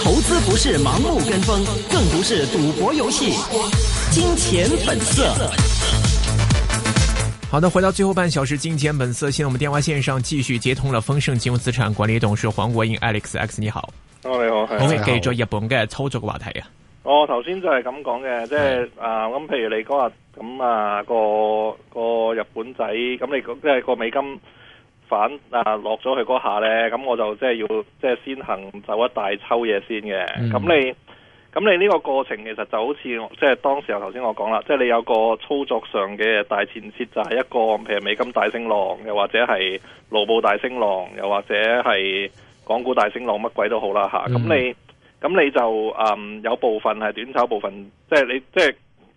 投資不是盲目跟風，更不是賭博遊戲。金錢本色。好的，回到最後半小時，金錢本色。現在我們電話線上繼續接通了豐盛金融資產管理董事黃國英 Alex，你好。你好，你好。好，繼續日本嘅操作嘅話題啊。我頭先就係咁講嘅，即係啊，咁譬如你講話咁啊，個個日本仔咁，你即係個美金。反啊落咗去嗰下呢，咁我就即係要即係、就是、先行走一大抽嘢先嘅。咁、嗯、你咁你呢個過程其實就好似即係當時候頭先我講啦，即、就、係、是、你有個操作上嘅大前設，就係一個譬如美金大升浪，又或者係盧布大升浪，又或者係港股大升浪，乜鬼都好啦嚇。咁、嗯、你咁你就、嗯、有部分係短炒部分，即、就、係、是、你即係。就是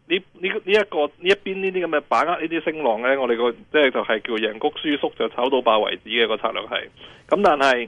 呢呢呢一個呢一邊呢啲咁嘅把握呢啲聲浪呢，我哋個即係就係叫贏谷輸縮，就炒到爆為止嘅個策略係。咁但係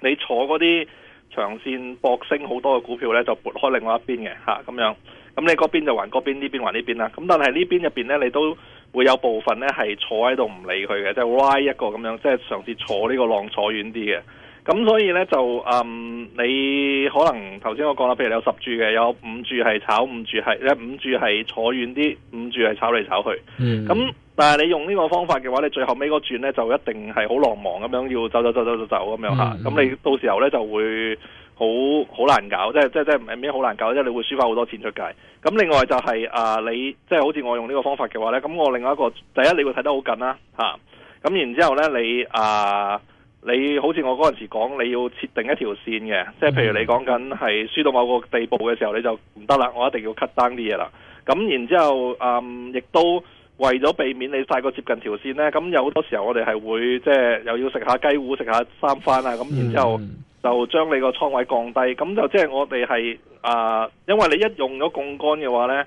你坐嗰啲長線博升好多嘅股票呢，就撥開另外一邊嘅吓，咁樣。咁你嗰邊就還嗰邊，呢邊還呢邊啦。咁但係呢邊入面呢，你都會有部分呢係坐喺度唔理佢嘅，即係歪一個咁樣，即係嘗試坐呢個浪坐遠啲嘅。咁所以咧就嗯，你可能頭先我講啦，譬如你有十注嘅，有五注係炒，五注係咧五注係坐遠啲，五注係炒嚟炒去。嗯。咁但係你用呢個方法嘅話，你最後尾個轉咧就一定係好狼忙咁樣要走走走走走走咁樣咁、嗯、你到時候咧就會好好難搞，即係即係即係唔係咩好難搞？即係你會輸翻好多錢出界。咁另外就係、是、啊、呃，你即係好似我用呢個方法嘅話咧，咁我另外一個第一你會睇得好緊啦吓。咁然之後咧你、呃你好似我嗰陣時講，你要設定一條線嘅，即係譬如你講緊係輸到某個地步嘅時候你就唔得啦，我一定要 cut down 啲嘢啦。咁然之後，亦、嗯、都為咗避免你太過接近條線呢，咁有好多時候我哋係會即係又要食下雞糊，食下三番啊，咁然之後、嗯、就將你個倉位降低，咁就即係我哋係啊，因為你一用咗槓桿嘅話呢，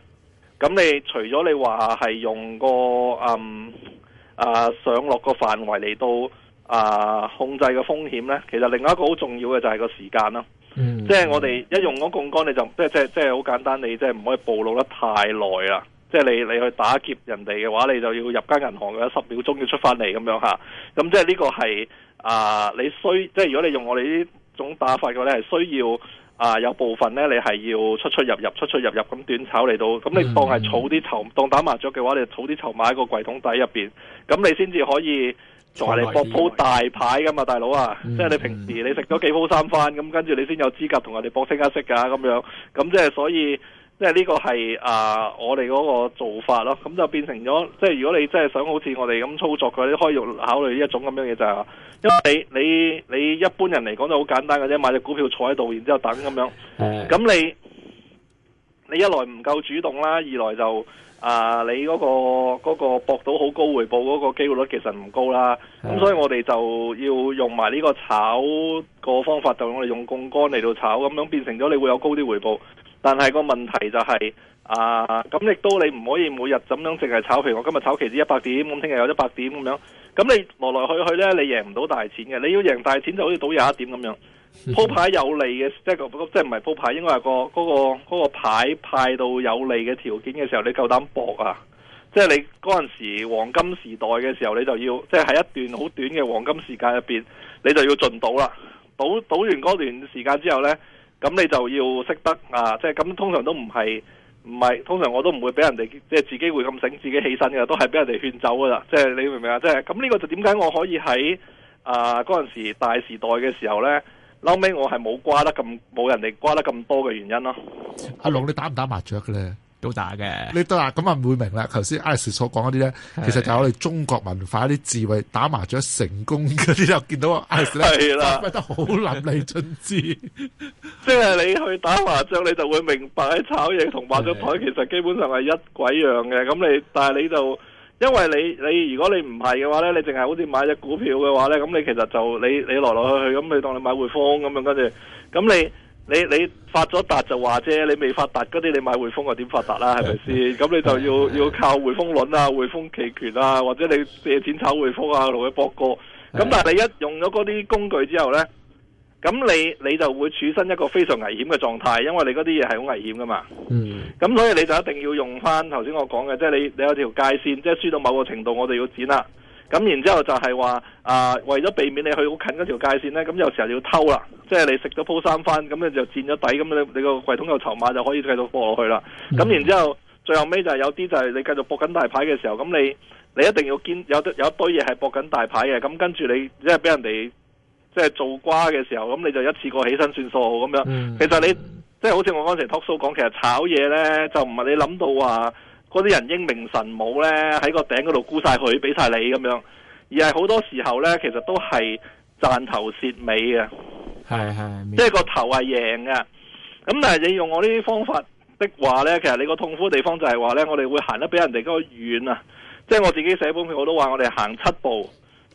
咁你除咗你話係用個嗯、呃、上落個範圍嚟到。啊，控制嘅風險呢，其實另外一個好重要嘅就係個時間啦。嗯，即係我哋一用嗰槓桿，你就即係即係即係好簡單，你即係唔可以暴露得太耐啦。即係你你去打劫人哋嘅話，你就要入間銀行嘅十秒鐘要出翻嚟咁樣下咁，即係呢個係啊，你需即係如果你用我哋呢種打法嘅話，係需要啊有部分呢，你係要出出入入出出入入咁短炒嚟到。咁你當係儲啲籌，嗯、當打麻雀嘅話，你儲啲籌碼喺個櫃桶底入邊，咁你先至可以。同埋你搏鋪大牌噶嘛，大佬啊！即係、嗯、你平時你食咗幾鋪三番咁、嗯、跟住你先有資格同人哋搏清一色噶咁樣。咁即係所以，即係呢個係啊、呃、我哋嗰個做法咯。咁就變成咗，即、就、係、是、如果你真係想好似我哋咁操作嘅，你可以考慮呢一種咁樣嘢就係、是，因為你你你一般人嚟講就好簡單嘅啫，買隻股票坐喺度，然之後等咁樣。咁、嗯、你你一來唔夠主動啦，二來就。啊！你嗰、嗰個嗰、嗰個博到好高回報嗰個機會率其實唔高啦，咁的所以我哋就要用埋呢個炒個方法，就用我哋用槓桿嚟到炒，咁樣變成咗，你會有高啲回報。但係個問題就係、係、啊，咁亦都你唔可以每日咁樣淨係炒，譬如我今日炒期指一百點，咁聽日有一百點咁樣，咁你來來去去呢，你贏唔到大錢嘅。你要贏大錢就好似賭廿一點咁樣。鋪牌有利嘅，即係個即係唔係鋪牌，應該係、嗰個嗰個嗰個牌派到有利嘅條件嘅時候，你夠膽搏啊！即係你嗰陣時候黃金時代嘅時候，你就要即係喺一段好短嘅黃金時間入邊，你就要盡賭啦。賭賭完嗰段時間之後呢，咁你就要識得啊！即係咁通常都唔係唔係，通常我都唔會俾人哋即係自己會咁醒，自己起身嘅，都係俾人哋勸走噶啦！即係你明唔明啊？即係咁呢個就點解我可以喺啊嗰陣時候大時代嘅時候呢。後尾我係冇瓜得咁冇人哋瓜得咁多嘅原因咯。阿龍，你打唔打麻雀嘅咧？都打嘅。你得啦，咁啊唔會明啦。頭先 Alex 所講嗰啲咧，的其實就係我哋中國文化啲智慧打麻雀成功嗰啲，就見到 Alex 咧的打得好淋漓盡致。即係你去打麻雀，你就會明白喺炒嘢同麻雀台其實基本上係一鬼樣嘅。咁你但係你就。因為你你如果你唔係嘅話咧，你淨係好似買一隻股票嘅話咧，咁你其實就你你來來去去咁，你當你買匯豐咁樣跟住，咁你你你發咗達就話啫，你未發達嗰啲你買匯豐啊點發達啦係咪先？咁你就要要靠匯豐輪啊匯豐期權啊，或者你借錢炒匯豐啊，同佢搏過。咁但係你一用咗嗰啲工具之後咧，咁你，你就會處身一個非常危險嘅狀態，因為你嗰啲嘢係好危險噶嘛。嗯。咁所以你就一定要用翻頭先我講嘅，即係你，你有條界線，即係輸到某個程度我哋要剪啦。咁然之後就係話啊，為咗避免你去好近嗰條界線咧，咁有時候要偷啦。即係你食咗鋪三番，咁你就佔咗底，咁你，你個櫃桶有籌碼就可以繼續過落去啦。咁。嗯。然之後最後尾就係有啲就係你繼續搏緊大牌嘅時候，咁你，你一定要堅有得有一堆嘢係搏緊大牌嘅，咁跟住你即係俾人哋。即係做瓜嘅時候，咁你就一次過起身算數咁樣。嗯、其實你即係、就是、好似我剛才 talk show 講，其實炒嘢呢，就唔係你諗到話嗰啲人英明神武呢，喺個頂嗰度沽晒佢，俾晒你咁樣，而係好多時候呢，其實都係賺頭蝕尾嘅。係係，即係個頭係贏嘅。咁但係你用我呢啲方法的話呢，其實你個痛苦地方就係話呢，我哋會行得比人哋嗰個遠啊。即、就、係、是、我自己寫本佢我都話我哋行七步。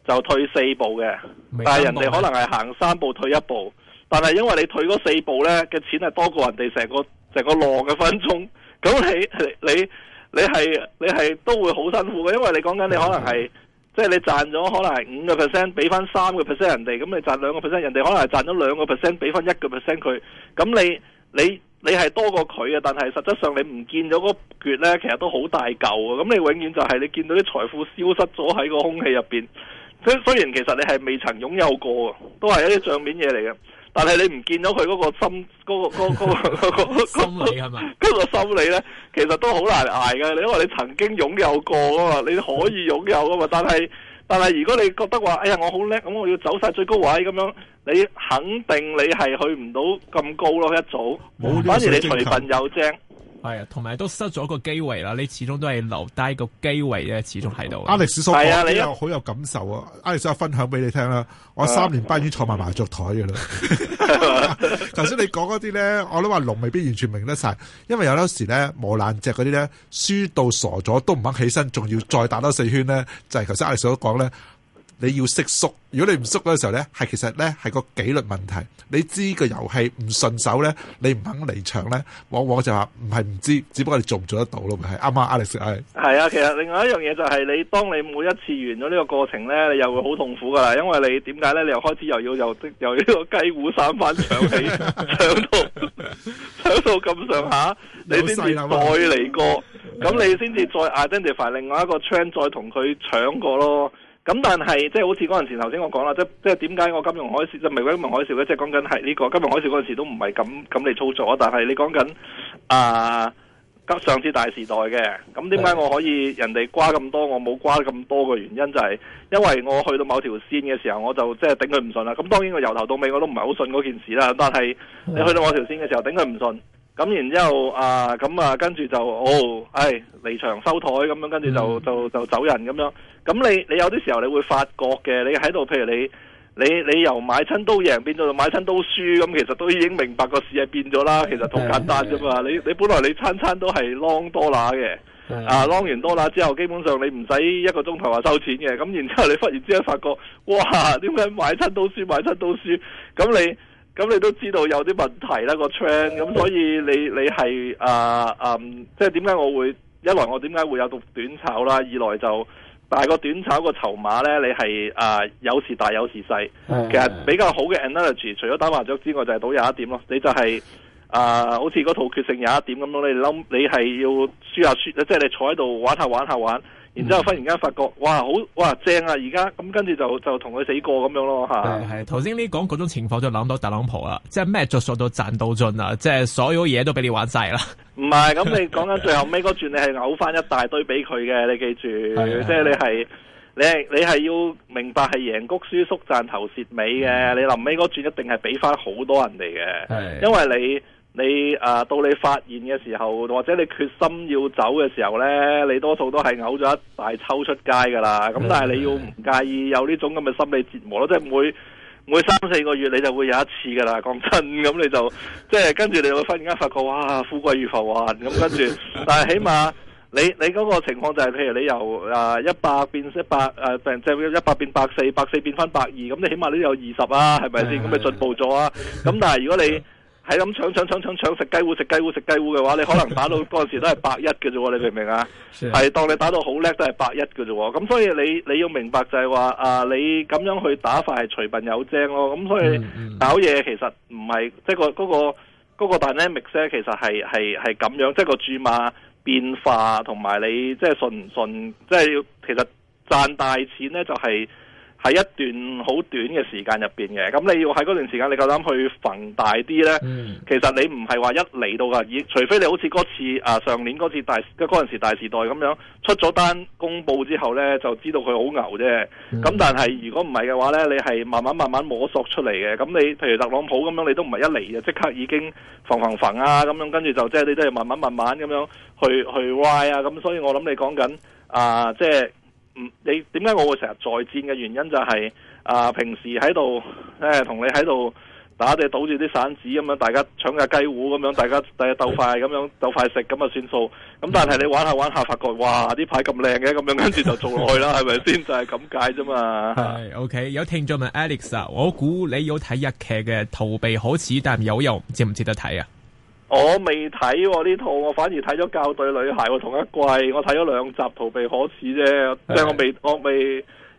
就退四步嘅，但係人哋可能係行三步退一步，但係因為你退嗰四步咧嘅錢係多過人哋成個成個鑼嘅分鐘，咁你你你係你係都會好辛苦嘅，因為你講緊你可能係即係你賺咗可能係五個 percent，俾翻三個 percent 人哋，咁你賺兩個 percent 人哋可能係賺咗兩個 percent，俾翻一個 percent 佢，咁你你你係多過佢嘅，但係實質上你唔見咗嗰橛咧，其實都好大舊嘅，咁你永遠就係、是、你見到啲財富消失咗喺個空氣入邊。即係雖然其實你係未曾擁有過啊，都係一啲帳面嘢嚟嘅。但係你唔見到佢嗰個心嗰、嗰個嗰嗰、嗰個嗰個、 心理係咪？嗰個心理咧，其實都好難捱㗎。你因為你曾經擁有過啊嘛，你可以擁有啊嘛。但係但係如果你覺得話，哎呀我好叻，咁我要走晒最高位咁樣，你肯定你係去唔到咁高咯一早。冇、嗯，反而你隨份有精。係啊，同埋都失咗個機會啦。你始終都係留低個機會嘅，始終喺度。a l 史 x 所講，你又好有感受啊阿 l e 分享俾你聽啦。我三年班已經坐埋麻雀台嘅啦。頭先你講嗰啲咧，我都話龍未必完全明得晒，因為有啲時咧磨爛隻嗰啲咧，輸到傻咗都唔肯起身，仲要再打多四圈咧，就係頭先阿 l e x 所講咧。你要識縮，如果你唔縮嗰個時候咧，係其實咧係個紀律問題。你知個遊戲唔順手咧，你唔肯離場咧，往往就話唔係唔知，只不過你做唔做得到咯，係啱啱 Alex 講嘅啊。係 Alex, 啊，其實另外一樣嘢就係你，當你每一次完咗呢個過程咧，你又會好痛苦噶啦，因為你點解咧？你又開始又要由的呢個雞虎散班搶起 搶到搶到咁上下，你先至再嚟過，咁 你先至再 identify 另外一個槍，再同佢搶過咯。咁但係即係好似嗰陣時頭先我講啦，即係即係點解我金融海嘯即係唔係金融海嘯咧？即係講緊係呢個金融海嘯嗰陣時都唔係咁咁嚟操作啊！但係你講緊啊，上次大時代嘅咁，點解我可以人哋瓜咁多，我冇瓜咁多嘅原因就係因為我去到某條線嘅時候，我就即係頂佢唔順啦。咁當然我由頭到尾我都唔係好信嗰件事啦。但係你去到某條線嘅時候，頂佢唔順。咁然之後啊，咁啊跟住就哦，唉、哎，離場收台咁樣，跟住就就就走人咁樣。咁你你有啲時候你會發覺嘅，你喺度譬如你你你由買親都贏變咗到買親都輸，咁其實都已經明白個市係變咗啦。其實好簡單啫嘛。你你本來你餐餐都係 long 多拿嘅，的啊 long 完多拿之後，基本上你唔使一個鐘頭話收錢嘅。咁然之後你忽然之間發覺，哇！點解買親都輸，買親都輸？咁你。咁你都知道有啲問題啦，個 trend，咁所以你你係啊、呃、嗯，即係點解我會一來我點解會有讀短炒啦，二來就大個短炒個籌碼呢，你係啊、呃、有時大有時細，其實比較好嘅 analogy，除咗打麻雀之外，就係、是、賭廿一點咯，你就係、是。啊、呃，好似嗰套決勝廿一點咁咯，你諗你係要輸下輸，即係你坐喺度玩下玩下玩，然之後忽然間發覺，哇好哇正啊！而家咁跟住就就同佢死過咁樣咯，吓、嗯。係係、嗯，頭先你講嗰種情況就諗到特朗普啦，即係咩着數都賺到盡啦，即係所有嘢都俾你玩晒啦。唔係，咁你講緊最後尾嗰轉， 你係嘔翻一大堆俾佢嘅，你記住，即係 你係你你係要明白係贏谷輸縮賺頭蝕尾嘅，美嗯、你臨尾嗰轉一定係俾翻好多人哋嘅，是因為你。你誒、啊，到你發現嘅時候，或者你決心要走嘅時候呢，你多數都係嘔咗一大抽出街噶啦。咁但係你要唔介意有呢種咁嘅心理折磨咯，即、就、係、是，每每三四個月你就會有一次噶啦。講真，咁你就即係跟住你會忽然間發覺哇，富貴如浮雲咁。跟住， 但係起碼你你嗰個情況就係、是，譬如你由誒一百變一百誒，即係一百變百四，百四變翻百二，咁你起碼都有二十啊，係咪先咁咪進步咗啊？咁但係如果你係咁搶搶搶搶搶，食雞糊食雞糊食雞糊嘅話，你可能打到嗰陣時都係百一嘅啫，你明唔明啊？係 的當你打到好叻都係百一嘅啫，咁所以你你要明白就係話啊，你咁樣去打法係隨便有精咯。咁所以搞嘢其實唔係即係個嗰個嗰個 dynamics 咧，其實係係係咁樣，即係個注碼變化同埋你即係順唔順，即係要其實賺大錢咧就係。係一段好短嘅時間入面嘅，咁你要喺嗰段時間，你夠膽去焚大啲呢？嗯、其實你唔係話一嚟到㗎，除非你好似嗰次啊上年嗰次大，即係嗰陣時大時代咁樣出咗單公佈之後呢，就知道佢好牛啫。咁、嗯、但係如果唔係嘅話呢，你係慢慢慢慢摸索出嚟嘅。咁你譬如特朗普咁樣，你都唔係一嚟就即刻已經焚焚焚啊咁樣，跟住就即係、就是、你都要慢慢慢慢咁樣去去歪啊。咁所以我諗你講緊啊，即、就、係、是。嗯，你點解我會成日再戰嘅原因就係、是、啊，平時喺度誒，同你喺度打只住倒住啲散紙咁樣，大家搶下雞糊咁樣，大家第日鬥快咁樣鬥快食咁啊，算數。咁但係你玩下玩下，發覺哇，啲牌咁靚嘅，咁樣跟住就做落去啦，係咪先？就係咁解啫嘛。係，OK。有聽眾問 Alex 啊，我估你有睇日劇嘅逃避可恥，但有用，值唔值得睇啊？我未睇喎呢套，我反而睇咗《校對女孩》我同一季，我睇咗兩集，逃避可恥啫。的即係我未，我未，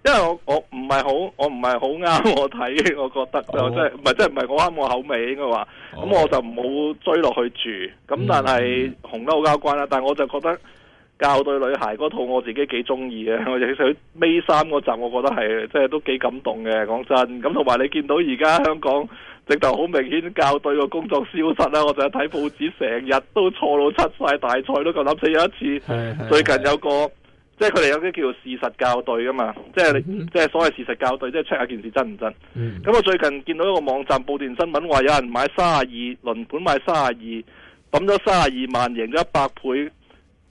因為我我唔係好，我唔係好啱我睇，我覺得即係唔係即係唔係好啱我口味應該話。咁、oh。我就冇追落去住。咁但係、mm hmm。紅得好交關啦。但我就覺得《校對女孩》嗰套我自己幾中意嘅。我其實尾三嗰集我覺得係，即係都幾感動嘅。講真，咁同埋你見到而家香港。直頭好明顯校對個工作消失啦！我就係睇報紙成日都錯到七晒大賽都咁諗，成有一次是是是是最近有個即係佢哋有啲叫做事實校對噶嘛，即係即係所謂事實校對，嗯、哼即係 check 下件事真唔真。咁、嗯、我最近見到一個網站報段新聞，話有人買三十二輪盤買三十二抌咗三十二萬，贏咗一百倍。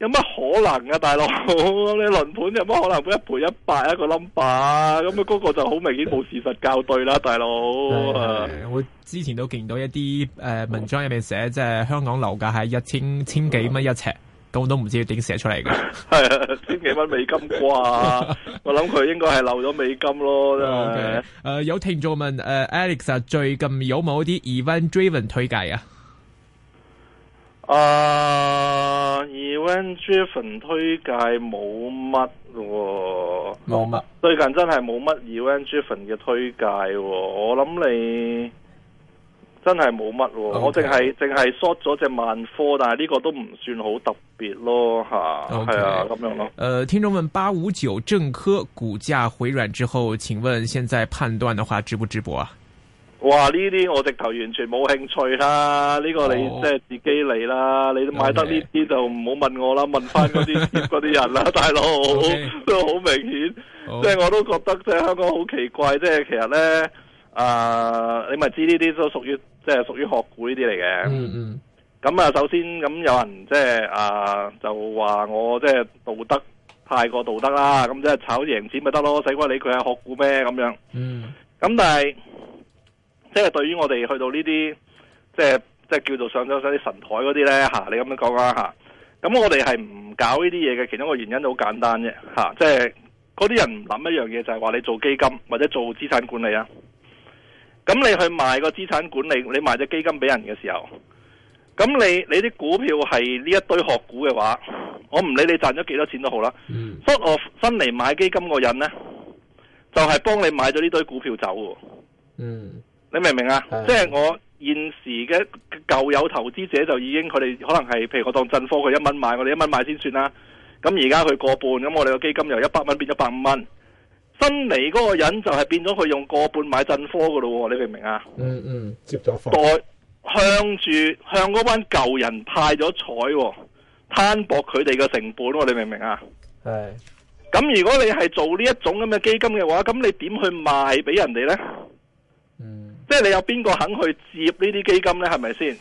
有乜可能啊，大佬？你輪盤有乜可能會一賠一百一個 number？咁啊，嗰、嗰個就好明顯冇事實校對啦，大佬。我之前都見到一啲誒文章入面寫，即係香港樓價係一千千幾蚊一尺，咁都唔知點寫出嚟㗎。千幾蚊美金啩？我諗佢應該係漏咗美金咯。誒，okay，有聽眾問誒，Alex 最近有冇啲 Event Driven 推介啊？Uh event driven 推介冇乜，冇乜最近真係冇乜 event driven 嘅推介，我諗你真係冇乜，Okay. 我淨係淨係 short 咗隻萬科，但係呢個都唔算好特別咯，吓係 Okay. 啊咁樣咯。誒、呃，聽眾問八五九正科股價回軟之後，請問現在判斷嘅話，值不值博啊？哇！呢啲我直頭完全冇興趣，啊這個、啦，呢個你即係自己嚟啦，你買得呢啲就唔好問我啦，問翻嗰啲啲人啦，大佬都好明顯，Okay. 即係我都覺得即係香港好奇怪，即係其實呢，誒、啊，你咪知呢啲都屬於即係屬於學股呢啲嚟嘅。嗯嗯、mm。咁、hmm. 啊，首先咁有人即係誒、啊，就話我即係道德太過道德啦，咁即係炒贏錢咪得咯，使鬼理佢係學股咩咁樣。嗯、mm。咁、hmm. 但係。即係對於我哋去到呢啲，即係即係叫做上咗上啲神台嗰啲咧吓，你咁樣講啦吓。咁、啊、我哋係唔搞呢啲嘢嘅，其中一個原因好簡單啫吓、啊，即係嗰啲人諗一樣嘢就係話你做基金或者做資產管理啊。咁你去賣個資產管理，你賣隻基金俾人嘅時候，咁你你啲股票係呢一堆學股嘅話，我唔理你賺咗幾多錢都好啦。不過、嗯、sort of, 我新嚟買基金嘅人咧，就係、是、幫你買咗呢堆股票走。嗯。嗯你明唔明啊？係。即係我現時嘅舊有投資者就已經佢哋可能係，譬如我當振科佢一蚊買，我哋一蚊買先算啦。咁而家佢過半，咁我哋個基金由一百蚊變咗百五蚊，新嚟嗰個人就係變咗佢用過半買振科噶咯。你明唔明啊？嗯嗯，接咗貨。代向住向嗰班舊人派咗彩，攤薄佢哋嘅成本，喎。你明唔明啊？係。咁如果你係做呢一種咁嘅基金嘅話，咁你點去賣俾人哋咧？即係你有邊個肯去接呢啲基金呢？係咪先？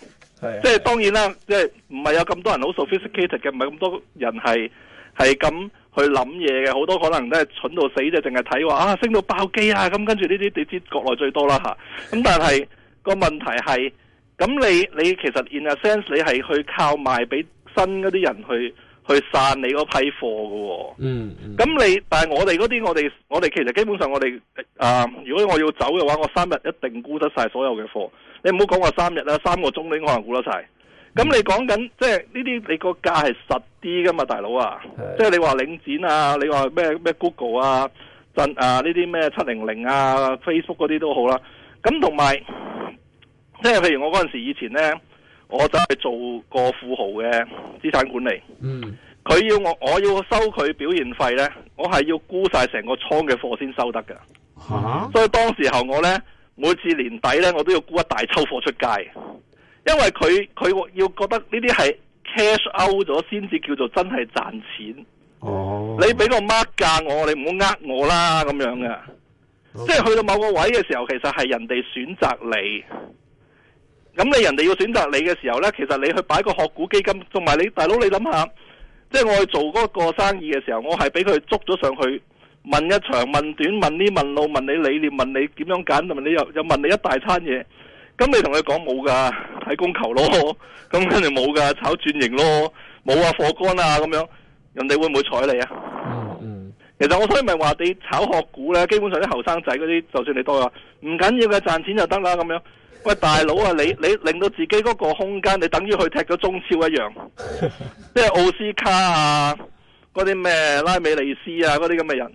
即係當然啦，即係唔係有咁多人好 sophisticated 嘅，唔係咁多人係係咁去諗嘢嘅，好多可能都係蠢到死啫，淨係睇話啊，升到爆機啊！咁跟住呢啲，你知國內最多啦吓。咁、啊、但係個問題係，咁你你其實 in a sense 你係去靠賣俾新嗰啲人去。去散你嗰批貨㗎喎、哦嗯，嗯，咁你，但係我哋嗰啲，我哋我哋其實基本上我哋，啊、呃，如果我要走嘅話，我三日一定沽得晒所有嘅貨。你唔好講我三日啦，三個鐘你可能沽得晒。咁、嗯、你講緊即係呢啲，就是、你個價係實啲㗎嘛，大佬啊，即係你話領展啊，你話咩咩 Google 啊，振啊呢啲咩七零零啊，Facebook 嗰啲都好啦。咁同埋，即係譬如我嗰陣時以前咧。我就係做過富豪嘅資產管理，佢、嗯、要我我要收佢表現費咧，我係要沽晒成個倉嘅貨先收得㗎。吓、啊！所以當時候我咧，每次年底咧，我都要沽一大抽貨出街，因為佢佢要覺得呢啲係 cash out 咗先至叫做真係賺錢。哦、啊！你俾個 mark 價我，你唔好呃我啦咁樣嘅，啊、即係去到某個位嘅時候，其實係人哋選擇你。咁你人哋要選擇你嘅時候呢，其實你去擺個學股基金，同埋你大佬你諗下，即係我去做嗰個生意嘅時候，我係俾佢捉咗上去問一長問短問呢問路問你理念問你點樣揀，同埋你又又問你一大餐嘢。咁你同佢講冇噶睇供求咯，咁跟住冇噶炒轉型咯，冇啊貨乾啊咁樣，人哋會唔會睬你啊？嗯嗯、其實我所以咪話你炒學股呢，基本上啲後生仔嗰啲，就算你多啊，唔緊要嘅，賺錢就得啦咁樣。喂，大佬啊，你你令到自己嗰個空間，你等於去踢咗中超一樣，即係奧斯卡啊，嗰啲咩拉美利斯啊，嗰啲咁嘅人，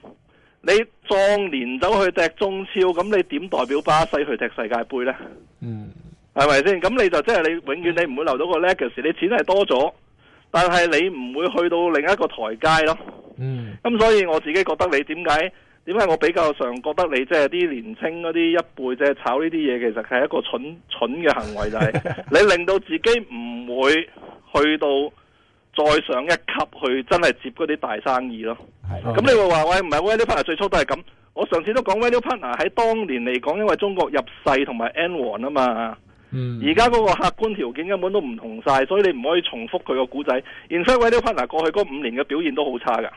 你壯年走去踢中超，咁你點代表巴西去踢世界杯咧？嗯，係咪先？咁你就即係你，你永遠你唔會留到個 legacy，你錢係多咗，但係你唔會去到另一個台階咯。嗯，咁所以我自己覺得你點解？點解我比較常覺得你即係啲年青嗰啲一輩啫炒呢啲嘢，其實係一個蠢蠢嘅行為，就係你令到自己唔會去到再上一級去真係接嗰啲大生意咯。咁你會話喂唔係，Value Partners 最初都係咁。我上次都講 Value Partners 喺當年嚟講，因為中國入世同埋 N 1啊嘛。嗯，而家嗰個客觀條件根本都唔同晒，所以你唔可以重複佢個古仔。而且 Value Partners 過去嗰五年嘅表現都好差噶，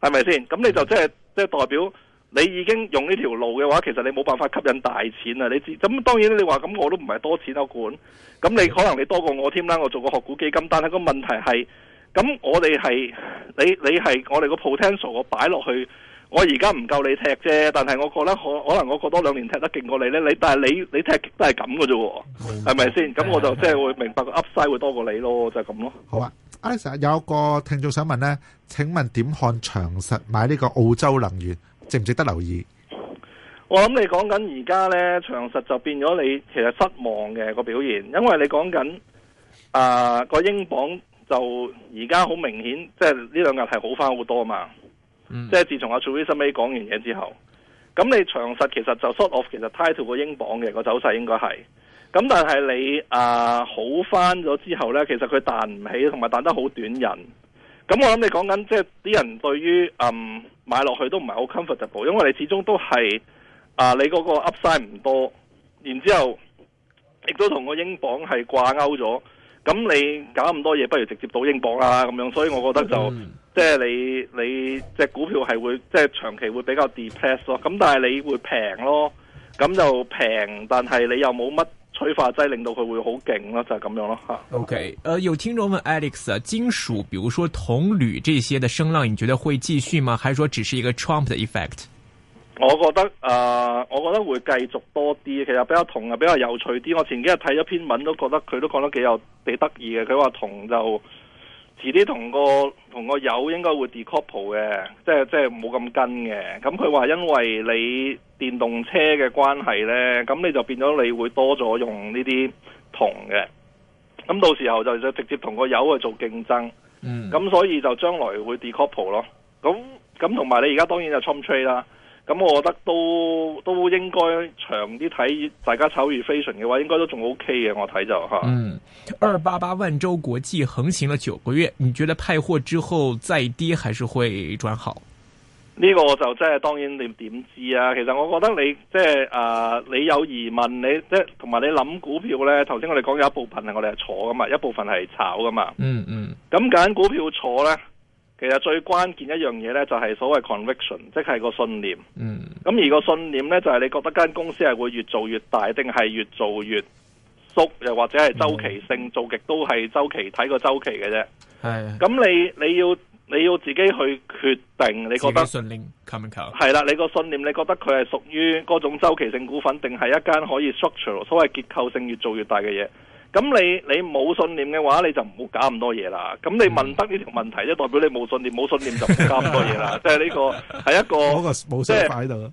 係咪先？咁你就即係。即係代表你已經用呢條路嘅話，其實你冇辦法吸引大錢啦，你知咁，當然你話咁，我都唔係多錢啊，管咁你可能你多過我添啦。我做個學股基金，但係個問題係，咁我哋係你你係我哋個 potential，我擺落去，我而家唔夠你踢啫。但係我覺得可可能我過多兩年踢得勁過你咧，你但係你你踢極都係咁嘅啫，係咪先？咁吧、嗯、我就、嗯、即係會明白個 upside 會多過你咯，就係、是、咁咯。好啊。有個聽眾想問咧，請問點看長實買呢個澳洲能源值唔值得留意？我諗你講緊而家呢長實就變咗你其實失望嘅、個表現，因為你講緊啊個英鎊就而家、就是、好明顯，即係呢兩日係好翻好多嘛。即係、嗯、自從阿 Theresa May 講完嘢之後，咁你長實其實就 sort of，其實 title 個英鎊嘅、個走勢應該係。咁但係你啊、呃、好返咗之後呢，其實佢彈唔起，同埋彈得好短人。咁我諗你講緊即係啲人對於嗯買落去都唔係好 comfortable，因為你始終都係啊、呃、你嗰個 upside 唔多，然之後亦都同個英鎊係掛鈎咗。咁你搞咁多嘢，不如直接賭英鎊啦咁樣。所以我覺得就即係、嗯、你你隻股票係會即係、就是、長期會比較 depressed 咯。咁但係你會平咯，咁就平，但係你又冇乜。催化劑令到佢會好勁咯，就係、是、咁樣咯嚇。OK，呃，有聽眾問 Alex，啊、金屬，比如說銅、鋁這些的聲浪，你覺得會繼續嗎？還係說只是一個 Trump 的 effect？我覺得，誒、呃，我覺得會繼續多啲。其實比較銅啊，比較有趣啲。我前幾日睇咗篇文，都覺得佢都講得幾有，幾得意嘅。佢話銅就。遲啲同個同個油應該會 decouple 嘅，即係即係冇咁跟嘅。咁佢話因為你電動車嘅關係呢，咁你就變咗你會多咗用呢啲銅嘅。咁到時候就就直接同個油去做競爭。咁、嗯、所以就將來會 decouple 囉。咁咁同埋你而家當然就 Trump trade 啦。咁我覺得都都應該長啲睇，大家炒熱 fashion 嘅話，應該都仲 OK 嘅，我睇就吓。嗯，二八八萬洲國際橫行，行了九個月，你覺得派貨之後再跌還是會轉好？呢個就真係當然你點知啊？其實我覺得你即係誒，你有疑問，你即係同埋你諗股票咧。頭先我哋講有一部分係我哋係坐噶嘛，一部分係炒噶嘛。嗯嗯。咁揀股票坐咧？其實最關鍵一樣嘢呢，就係所謂 conviction，即係個信念。嗯。咁而個信念呢，就係你覺得間公司係會越做越大，定係越做越縮，又或者係周期性、嗯、做極都係週期，睇個周期嘅啫。係。咁你你要你要自己去決定，你覺得係啦，你個信念，可可是你，信念你覺得佢係屬於嗰種周期性股份，定係一間可以 structural 所謂結構性越做越大嘅嘢？咁你你冇信念嘅話，你就唔好搞咁多嘢啦。咁你問得呢條問題，即係代表你冇信念，冇信念就唔搞咁多嘢啦。即係呢個係一個模式喺度。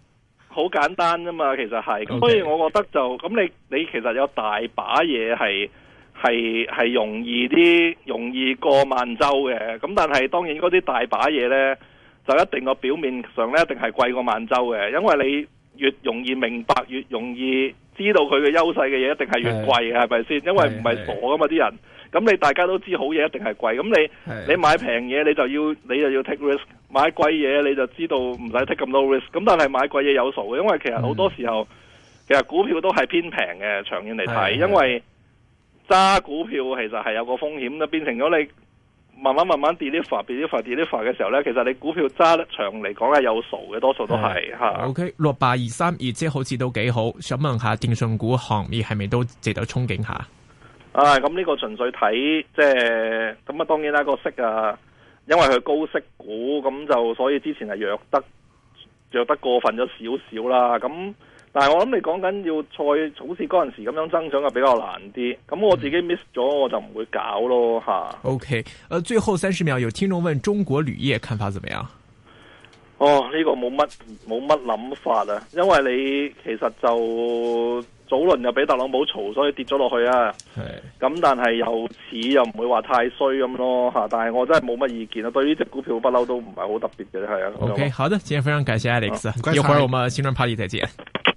好簡單啫嘛，其實係。所以我覺得就咁，你你其實有大把嘢係係係容易啲，容易過萬州嘅。咁但係當然嗰啲大把嘢咧，就一定個表面上咧，一定係貴過萬州嘅。因為你越容易明白，越容易。知道佢嘅優勢嘅嘢一定係越貴嘅，係咪先？因為唔係傻噶嘛啲人。咁你大家都知好嘢一定係貴。咁你的你買平嘢，你就要你就要 take risk；買貴嘢，你就知道唔使 take 咁多 risk。咁但係買貴嘢有數嘅，因為其實好多時候，的其實股票都係偏平嘅，長遠嚟睇。的因為揸股票其實係有個風險，變成咗你。慢慢慢慢 deliver，deliver 嘅 deliver, deliver 時候咧，其實你股票揸得長嚟講係有數嘅，多數都係嚇。O K. 六八二三二，即、啊 okay, 好似都幾好。想問下電訊股行業係咪都值得憧憬下？啊，咁、嗯、呢、呢個純粹睇，即係咁啊，當然啦個息啊，因為佢高息股，咁就所以之前係弱得弱得過分咗少少啦，咁、嗯。但係我諗你講緊要再好似嗰陣時咁樣增長就比較難啲，咁我自己 miss 咗我就唔會搞咯吓、嗯。OK，誒、呃，最後三十秒，有聽眾問中國鋁業看法怎麼樣？哦，呢、這個冇乜冇乜諗法啊，因為你其實就早輪又俾特朗普嘈，所以跌咗落去啊。係咁是，但係又似又唔會話太衰咁咯吓。但係我真係冇乜意見啊。對於隻股票不嬲都唔係好特別嘅，係啊。OK，、嗯、好的，今天非常感謝 Alex，、嗯、有一會我們新專 party 再見。